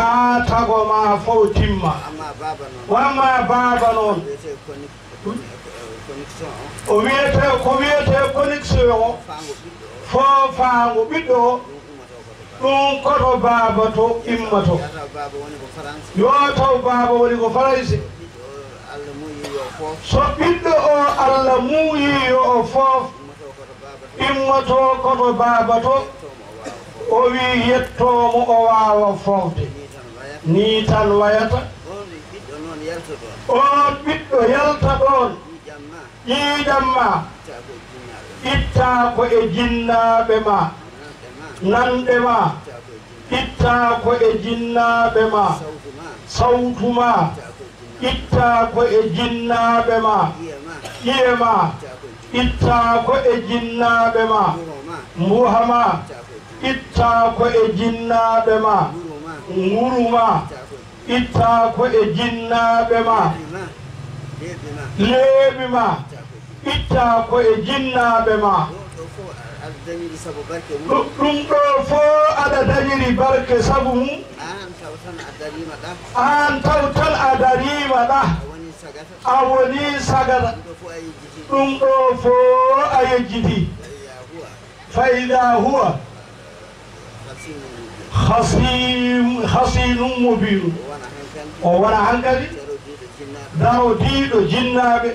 haa tago ma fow timma wamma baba noon o wiyete ko wiyete connexion o fo faango ɓiɗɗo o ɗum koto baba to immato yo taw baaba woni ko faraysi so ɓiɗɗo o allah muuyi yo o foof immoto koto baba to o wi yettomo o waawa foofde ni tan wayata o ɓiɗɗo yalta ɗoon ƴiiɗam ma ittaako e jinnaaɓe ma nanɗe ma ittaako e jinnaaɓe ma sawtu ma ittaako e jinnaaɓe ma ƴiye ma ittaako e jinnaaɓe ma mbuha ma ittaako e jinnaaɓe ma nguruma ittako e jinnaɓe ma leemi ma ittako e jinnaɓe ma ɗum ɗo foo aɗa dañiri barke sabu mum an taw tan a darima ɗa a woni sagata ɗum ɗo foo a yejjiti fa ida huwa hasinu mobinu o wona hankadi daro diiɗo jinnaɓe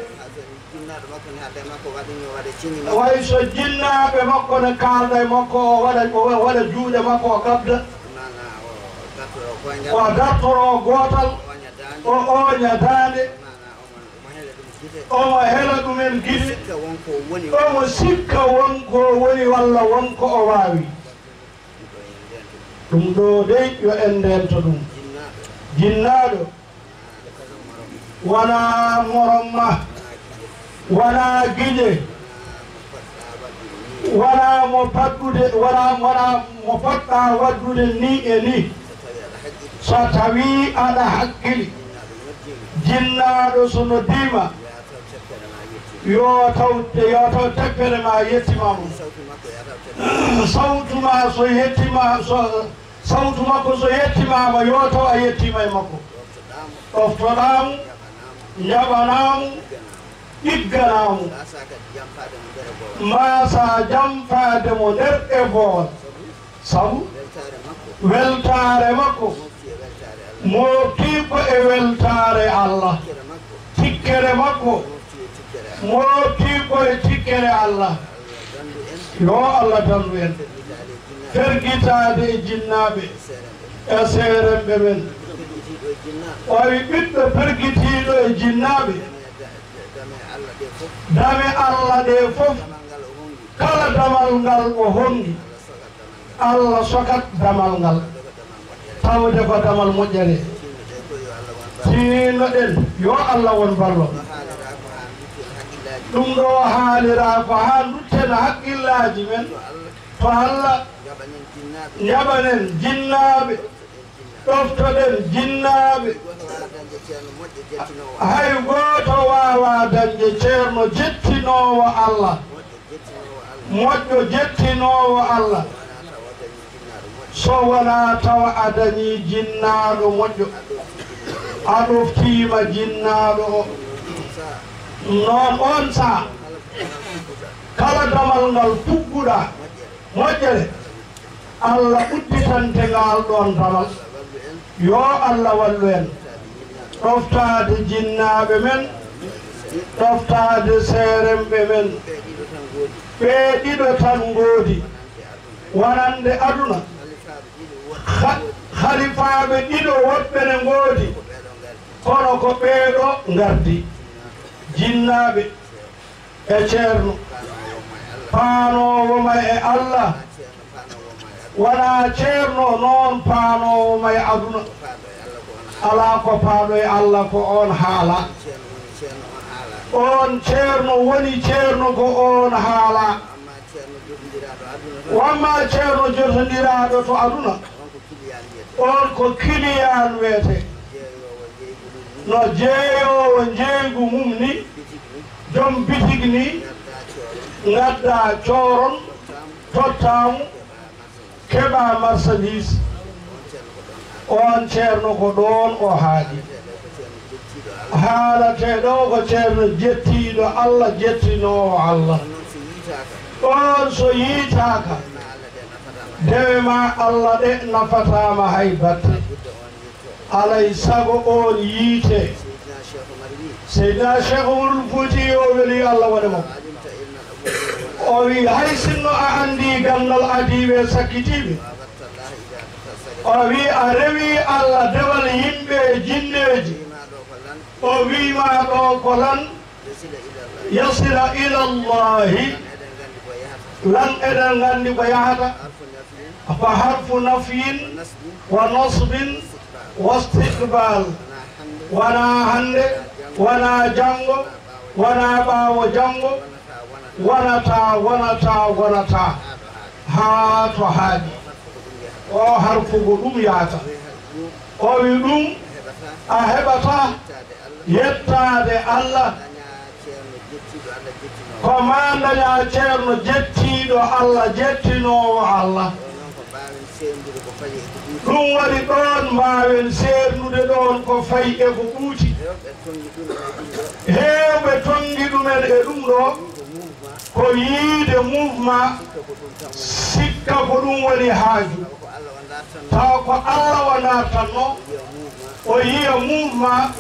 way so jinnaɓe makko ne kalda e makko o waɗa waɗa juuɗe makko o gabda o dartoro gootal o ooña daande omo hela ɗumen gide omo sikka wonko woni walla wonko o waawi ɗum ɗo dey yo en ndento ɗum jinnaɗo wona moromma wona guiƴe wona mo faddude wona wona mo fotɗa waddude ni e ni so tawi aɗa hakkili jinnaɗo sono dima يعطوا يعطوا تكبر مع يتمام صوت ما صيت ما صوت ما صيت ما ويعطوا يتمام مكو افترام يبنام يبنام ما سا جم فاد منر ابون سو weltare makko mo tibo e weltare allah tikkere makko mooti koye cikkere allah yo allah tandu en fergitaade e jinnaaɓe e seerenɓe men oye ɓiɓɓe fergitiiɗo e jinnaaɓe dame allah ɗe fof kala damal ngal o honngi allah sokat damal ngal tawde ko damal moƴƴere tiino ɗen yo allah won ballo ɗum ɗo haalira fa ha dutten haqqillaji men fa allah jaɓanen jinnaaɓe ɗoftoɗen jinnaaɓe hay gooto waawa dañde ceerno jettinoowo allah moƴƴo jettinoowo allah so wonaa tawa a dañii jinnaaɗo moƴƴo a ɗoftiima jinnaaɗo o non on saa kala damal ngal fugguɗa moƴƴere allah ɓudditante ngaal ɗon damal yo allah wallu en ɗoftaade jinnaaɓe men ɗoftaade seeremɓe men ɓee ɗiɗo tan ngoodi warande aduna halifaaɓe ɗiɗo woɓɓene ngoodi kono ko ɓeeɗo ngardi jinnaaɓe e ceerno paanoowo may e allah wonaa ceerno noon paanoowo may aduna alaa ko paanoye allah ko oon haala oon ceerno woni ceerno ko oon haala wammaa ceerno jotondiraaɗo to aduna oon ko kiliyaan weete no jeeyoowo njeygu mum ni joom bitigue ni gadda cooron tottamu keɓa marchandise on ceerno ko ɗon o haaɗi haalateɗo ko ceerno jettiɗo allah jettinowo allah ɗon so yiitaka dewe ma allah ɗe nafatama hay batte alay sago on yiitee سيدا شغل فوجي وبلي الله ونمو أوي هاي سنو أعندي قمنا الأديب سكتيب أوي أروي الله دول يمبي جنج أوي ما قولن يصل إلى الله لن أدن غني بيهاتا فحرف نفي ونصب واستقبال ونا هند wala janŋgo wala ɓaawo janŋgo wonata wonata wonata haa to haaɗi o harfugo ɗum yaata o wi ɗum a heɓata yettaade allah ko ma dañaa ceerno jettiiɗo allah jettinoowo allah E ɗum waɗi ɗon mbawen seernude ɗon ko fayi e ko ɓuuti e heewɓe tongi ɗumen e ɗum ɗo ko yiide mouvement sikka ko ɗum woni haaju taw ko allah wana tanno o yiya mouvement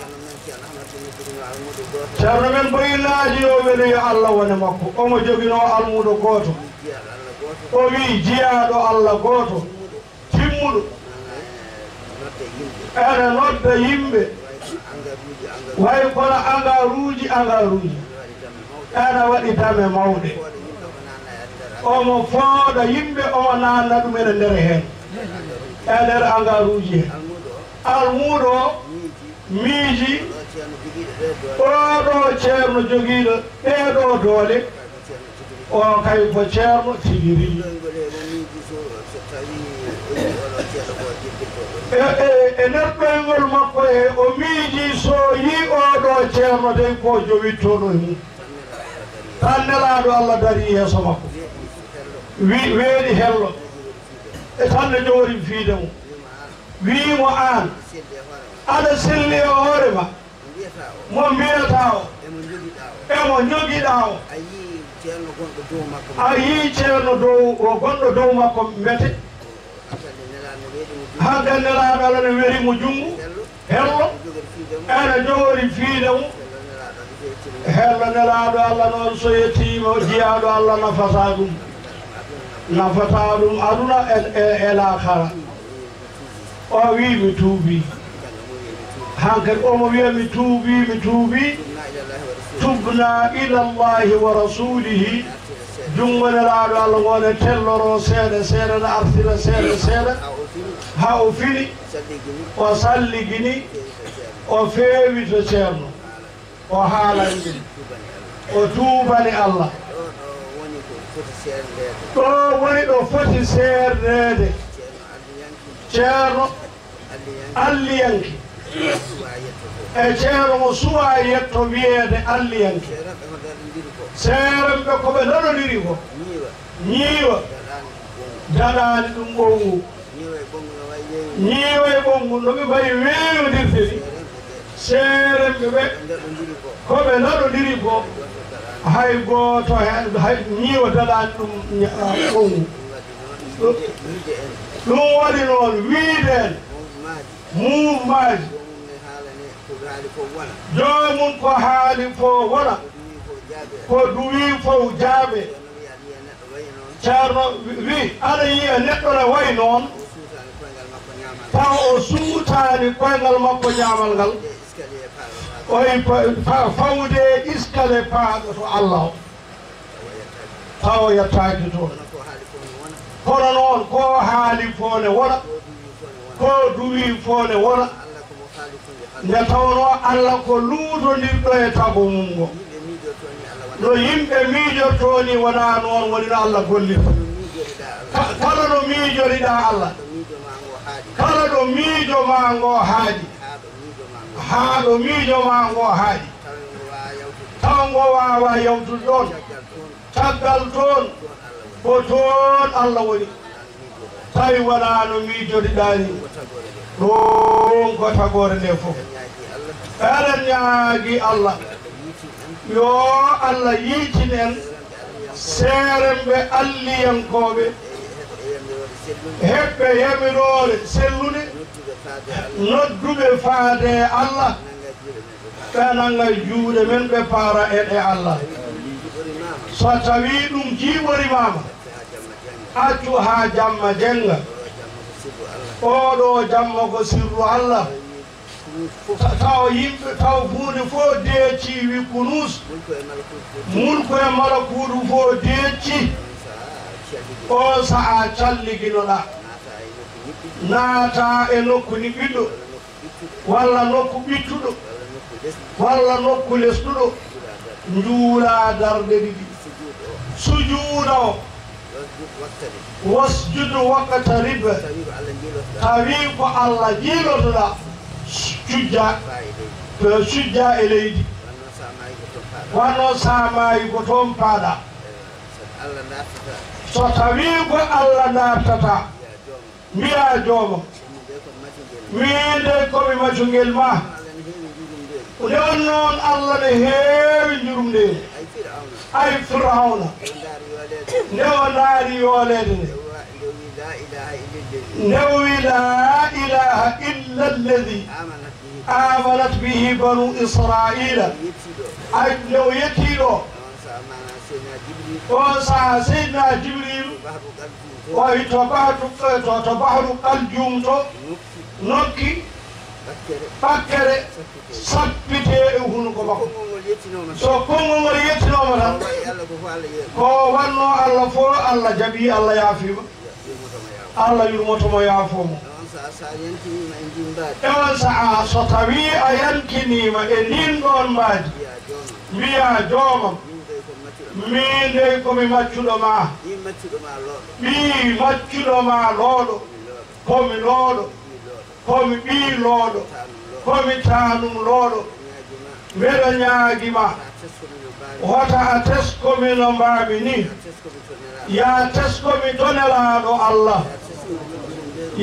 ceerno men boyinaaji yo weloyo allah wone makko omo joginoo almuudo gooto o wii jiyaaɗo allah gooto muɗum ene lodda yimɓe way kono engaruji engaruji ene waɗi dame mawɗe omo fooɗa yimɓe omo nanna ɗum ene nder hen e nder engaruji he almuɗo miiji oɗo ceerno joguiɗo ɓeeɗo doole o kay ko ceerno tigi rigi e, e, e nerɓengol makko e o miiji so yi oɗo ceerno den ko jowi toono e mu tan nelaaɗo allah dari yeeso makko wi weeɗi hello e tan no joori fiide mo wiimo aan aɗa selli e hoore ma mo mbiyata o emo jogiɗaa o a yii ceerno dow o gonɗo dow makko mbete hakkande nelaɗo allah ne werimo junngo hello ene joori fiide mum hello nelaɗo allah noon so yettima jiyaɗo allah nafata ɗum nafata ɗum aduna e lakara o wi mi tuubi hankkadi omo wiya mi tuubi mi tuubi tubna ila llahi wa rasulihi جمعنا لعلو الغوانا كلورو سيدا سيدا نعرثنا سيدا سيدا هاو فيني وصلي جني وفيوي تسيرنا وحالا جني وتوبا لالله طوين وفتي سير نادي سيرنا اللي ينكي e ceero ngo suwa yetto wiyeede alliyanke seeremɓe ko ɓe nanodiri ko ñiiwa daɗaani ɗum ɓongu ñiiwa e ɓongu no ɓe mbayi weewodirde ni seeremɓe ɓe ko ɓe nanodiri ko hay gooto hay ñiiwa daɗaani ɗum ɓongu ɗum waɗi noon wiideen muumaaji jomum ko haali fo wona ko duwi fof jaaɓe ceerno wi aɗa yiya neɗɗo ne way noon taw o suutaani koyngal makko ñaamal ngal oy fawde iskale paaɗo to allah o taw yettaaki toon kono noon ko haali fo ne wona ko duwi foole wona nde tawno allah ko luudondirɗo e tago mum ngo no yimɓe miijortoni wona noon wonino allah gollito kala no miijoriɗa allah kala ɗo miijo ma ngo haaji haa ɗo miijo ma ngo haaji taw ngo waawa yawtude ɗoon caggal toon ko toon allah woni fawi wala no miijoɗiɗani ɗon gotagore nde fof eɗen ñaagi allah yo allah yiitinen seeren ɓe alliyankoɓe heɓɓe yamirore sellude nodduɓe faade e allah ɓenanga juuɗe men ɓe para eɗe allah so tawi ɗum jiiɓorimama accu ha jamma jenga oɗo jamma ko sirru allah taw yimɓe taw hunde fof deecci wikkunus mulko e malakuudu fof deecci o saaha calliginoɗa naata e nokku ni ɓiɗɗo walla nokku ɓittuɗo walla nokku lesɗuɗo njuula darde ɗiɗi sujuuda o واسجد واقترب قريب على الجيل وطلع شجاع شجاع إليه وانا سامعي قطوم فادا سطريب على نافتا ميا جوم ميدي كومي مجنج الماء ولونون الله نهير جرم دي اي فرعون نو لا يولد نوي لا إله إلا الذي آمنت به بنو إسرائيل أجنو يتيلو وسع سيدنا جبريل ويتبعت قلبي نكي bakkere sappitee e hunuko bako so konngol ngol yettinooma tan ko wanno allah fo allah jaɓi allah yaafiima allah yurmotomo yaafoomo ewan sahaa so tawii a yantiniima e nin ɗoon mbaadi mbiyaa joomam min nde komi maccuɗo maa ɓii maccuɗo maa looɗo komi looɗo komi ɓiilooɗo komi taanum looɗo mbeɗo ñaagima hota a teskomi no mbaami ni ya teskomi donelaaɗo allah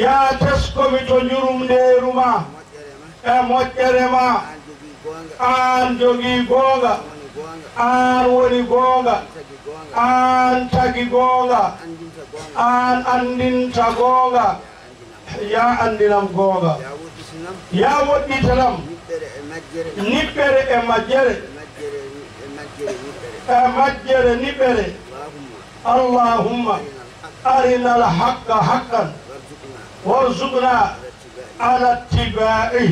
ya teskomi to ñurumndeeru ma e moƴƴere ma aan jogii goonga aan woni goonga aan tagi goonga aan anndinta goonga يا أنينام غوغا يا ودي موتيتلام نيبر إماجير إماجير نيبر اللهم أرنا الحق حقا وارزقنا على اتباعه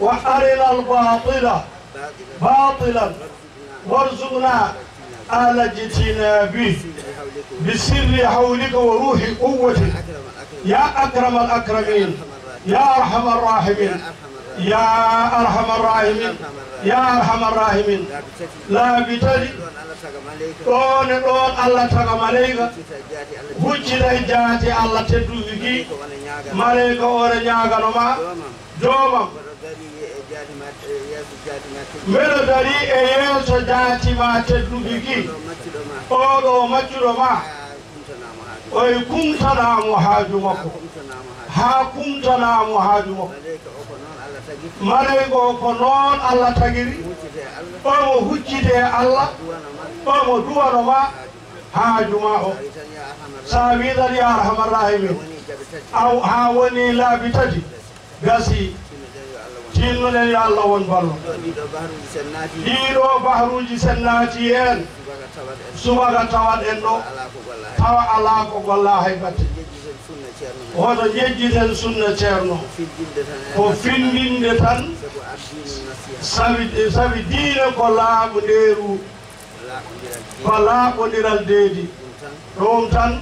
وأرنا الباطل باطلا وارزقنا على به بسر حولك وروح قوة يا أكرم الأكرمين يا أرحم الراحمين يا أرحم الراحمين يا أرحم الراحمين لا بتجي كون دون الله تعالى ملايكا وجد جاتي الله تدو فيكي ملايكا اور نياغا نوما دوما ملو داري ايال سجاتي ما تدو فيكي اوغو ماتشو روما أي كنت لا محاج مكو ها كنت لا محاج مكو ماليكو كنون الله تغيري أمو حجده الله أمو دوار ما ها جماعه ساويدا يا رحم الرحيم أو ها وني لا بتجي غسي tinnuɗen yo allah won ballo ɗiɗo bahruji sen naati hen subaka tawat en ɗo tawa ala ko golla hay batte hoto ƴejjiten sunna ceerno ko findinde tan sabi sabi diine ko laaɓo nderu ko laaɓodiral deedi ɗum tan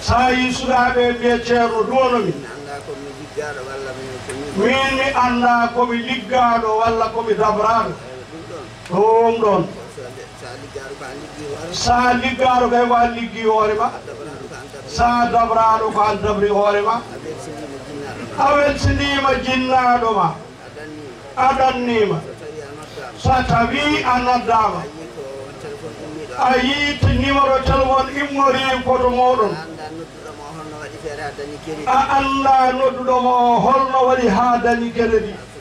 sa yi sukaɓe mbiye ceerno duwonomi min mi annda komi liggaɗo walla komi dabraɗo ɗum ɗon sa liggaɗo kay ko an liggi hoorema sa dabraɗo ko an dabri hoorema a welsinima jinnaɗoma a dannima so tawi a noddama a yiiti numéro tel won immori goto moɗon a anda nodduɗomo holno waɗi ha dañi gueleɗi